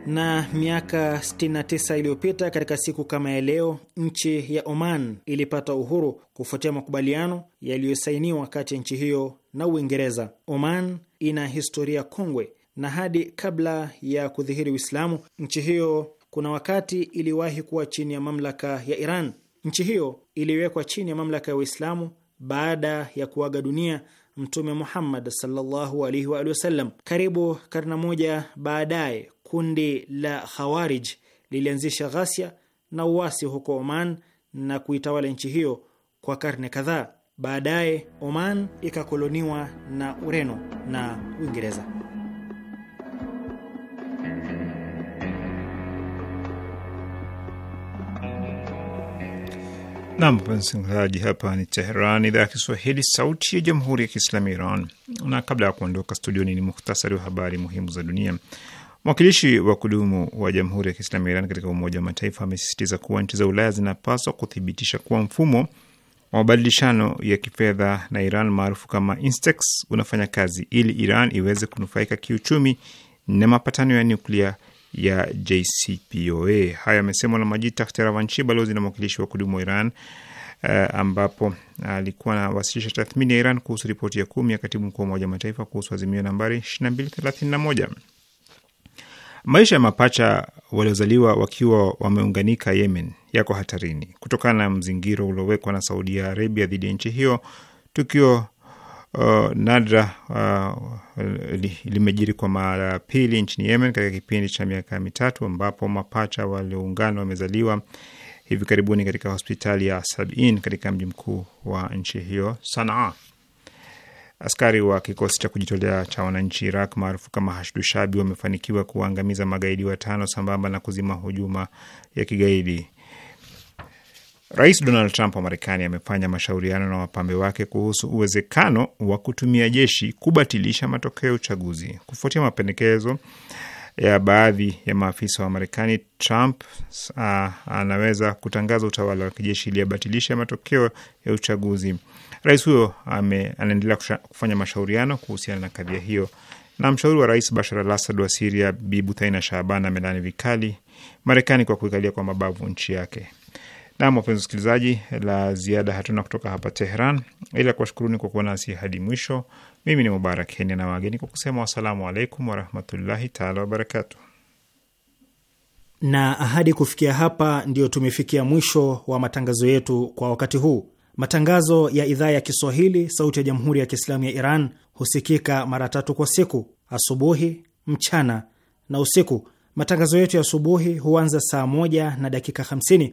na miaka 69 iliyopita katika siku kama ya leo, nchi ya Oman ilipata uhuru kufuatia makubaliano yaliyosainiwa kati ya nchi hiyo na Uingereza. Oman ina historia kongwe, na hadi kabla ya kudhihiri Uislamu nchi hiyo kuna wakati iliwahi kuwa chini ya mamlaka ya Iran. Nchi hiyo iliwekwa chini ya mamlaka ya Uislamu baada ya kuaga dunia Mtume Muhammad sallallahu alaihi wa alihi wasallam. Karibu karne moja baadaye, kundi la Khawarij lilianzisha ghasia na uasi huko Oman na kuitawala nchi hiyo kwa karne kadhaa. Baadaye Oman ikakoloniwa na Ureno na Uingereza. Nam mpenzi msikilizaji, hapa ni Teheran, idhaa ya Kiswahili, sauti ya jamhuri ya kiislamu Iran. Na kabla ya kuondoka studioni, ni muhtasari wa habari muhimu za dunia. Mwakilishi wa kudumu wa jamhuri ya kiislamu ya Iran katika Umoja wa Mataifa amesisitiza kuwa nchi za Ulaya zinapaswa kuthibitisha kuwa mfumo wa mabadilishano ya kifedha na Iran maarufu kama Instex unafanya kazi ili Iran iweze kunufaika kiuchumi na mapatano ya nuklia ya JCPOA. Haya amesemwa na Majid Takht balozi na mwakilishi wa kudumu wa Iran uh, ambapo alikuwa uh, anawasilisha tathmini ya Iran kuhusu ripoti ya kumi ya katibu mkuu wa Umoja wa Mataifa kuhusu azimio nambari 2231. Maisha ya mapacha waliozaliwa wakiwa wameunganika Yemen yako hatarini kutokana na mzingiro uliowekwa na Saudi Arabia dhidi ya nchi hiyo, tukio uh, nadra uh, limejiri kwa mara ya pili nchini Yemen katika kipindi cha miaka mitatu ambapo mapacha walioungana wamezaliwa hivi karibuni katika hospitali ya Sabin katika mji mkuu wa nchi hiyo Sanaa. Askari wa kikosi cha kujitolea cha wananchi Iraq maarufu kama Hashdushabi wamefanikiwa kuangamiza magaidi watano sambamba na kuzima hujuma ya kigaidi Rais Donald Trump wa Marekani amefanya mashauriano na wapambe wake kuhusu uwezekano wa kutumia jeshi kubatilisha matokeo ya uchaguzi. Kufuatia mapendekezo ya baadhi ya maafisa wa Marekani, Trump uh, anaweza kutangaza utawala wa kijeshi ili abatilisha matokeo ya uchaguzi. Rais huyo anaendelea kufanya mashauriano kuhusiana na kadhia hiyo. Na mshauri wa rais Bashar al Assad wa Siria Bi Buthaina Shaaban amelaani vikali Marekani kwa kuikalia kwa mabavu nchi yake. Nam, wapenzi wasikilizaji, la ziada hatuna kutoka hapa Tehran, ila kuwashukuruni kwa kuwa nasi hadi mwisho. Mimi ni Mubarak Heni na wageni kwa kusema wassalamu alaikum warahmatullahi taala wabarakatuh. Na ahadi kufikia hapa, ndiyo tumefikia mwisho wa matangazo yetu kwa wakati huu. Matangazo ya idhaa ya Kiswahili sauti ya jamhuri ya Kiislamu ya Iran husikika mara tatu kwa siku: asubuhi, mchana na usiku. Matangazo yetu ya asubuhi huanza saa moja na dakika 50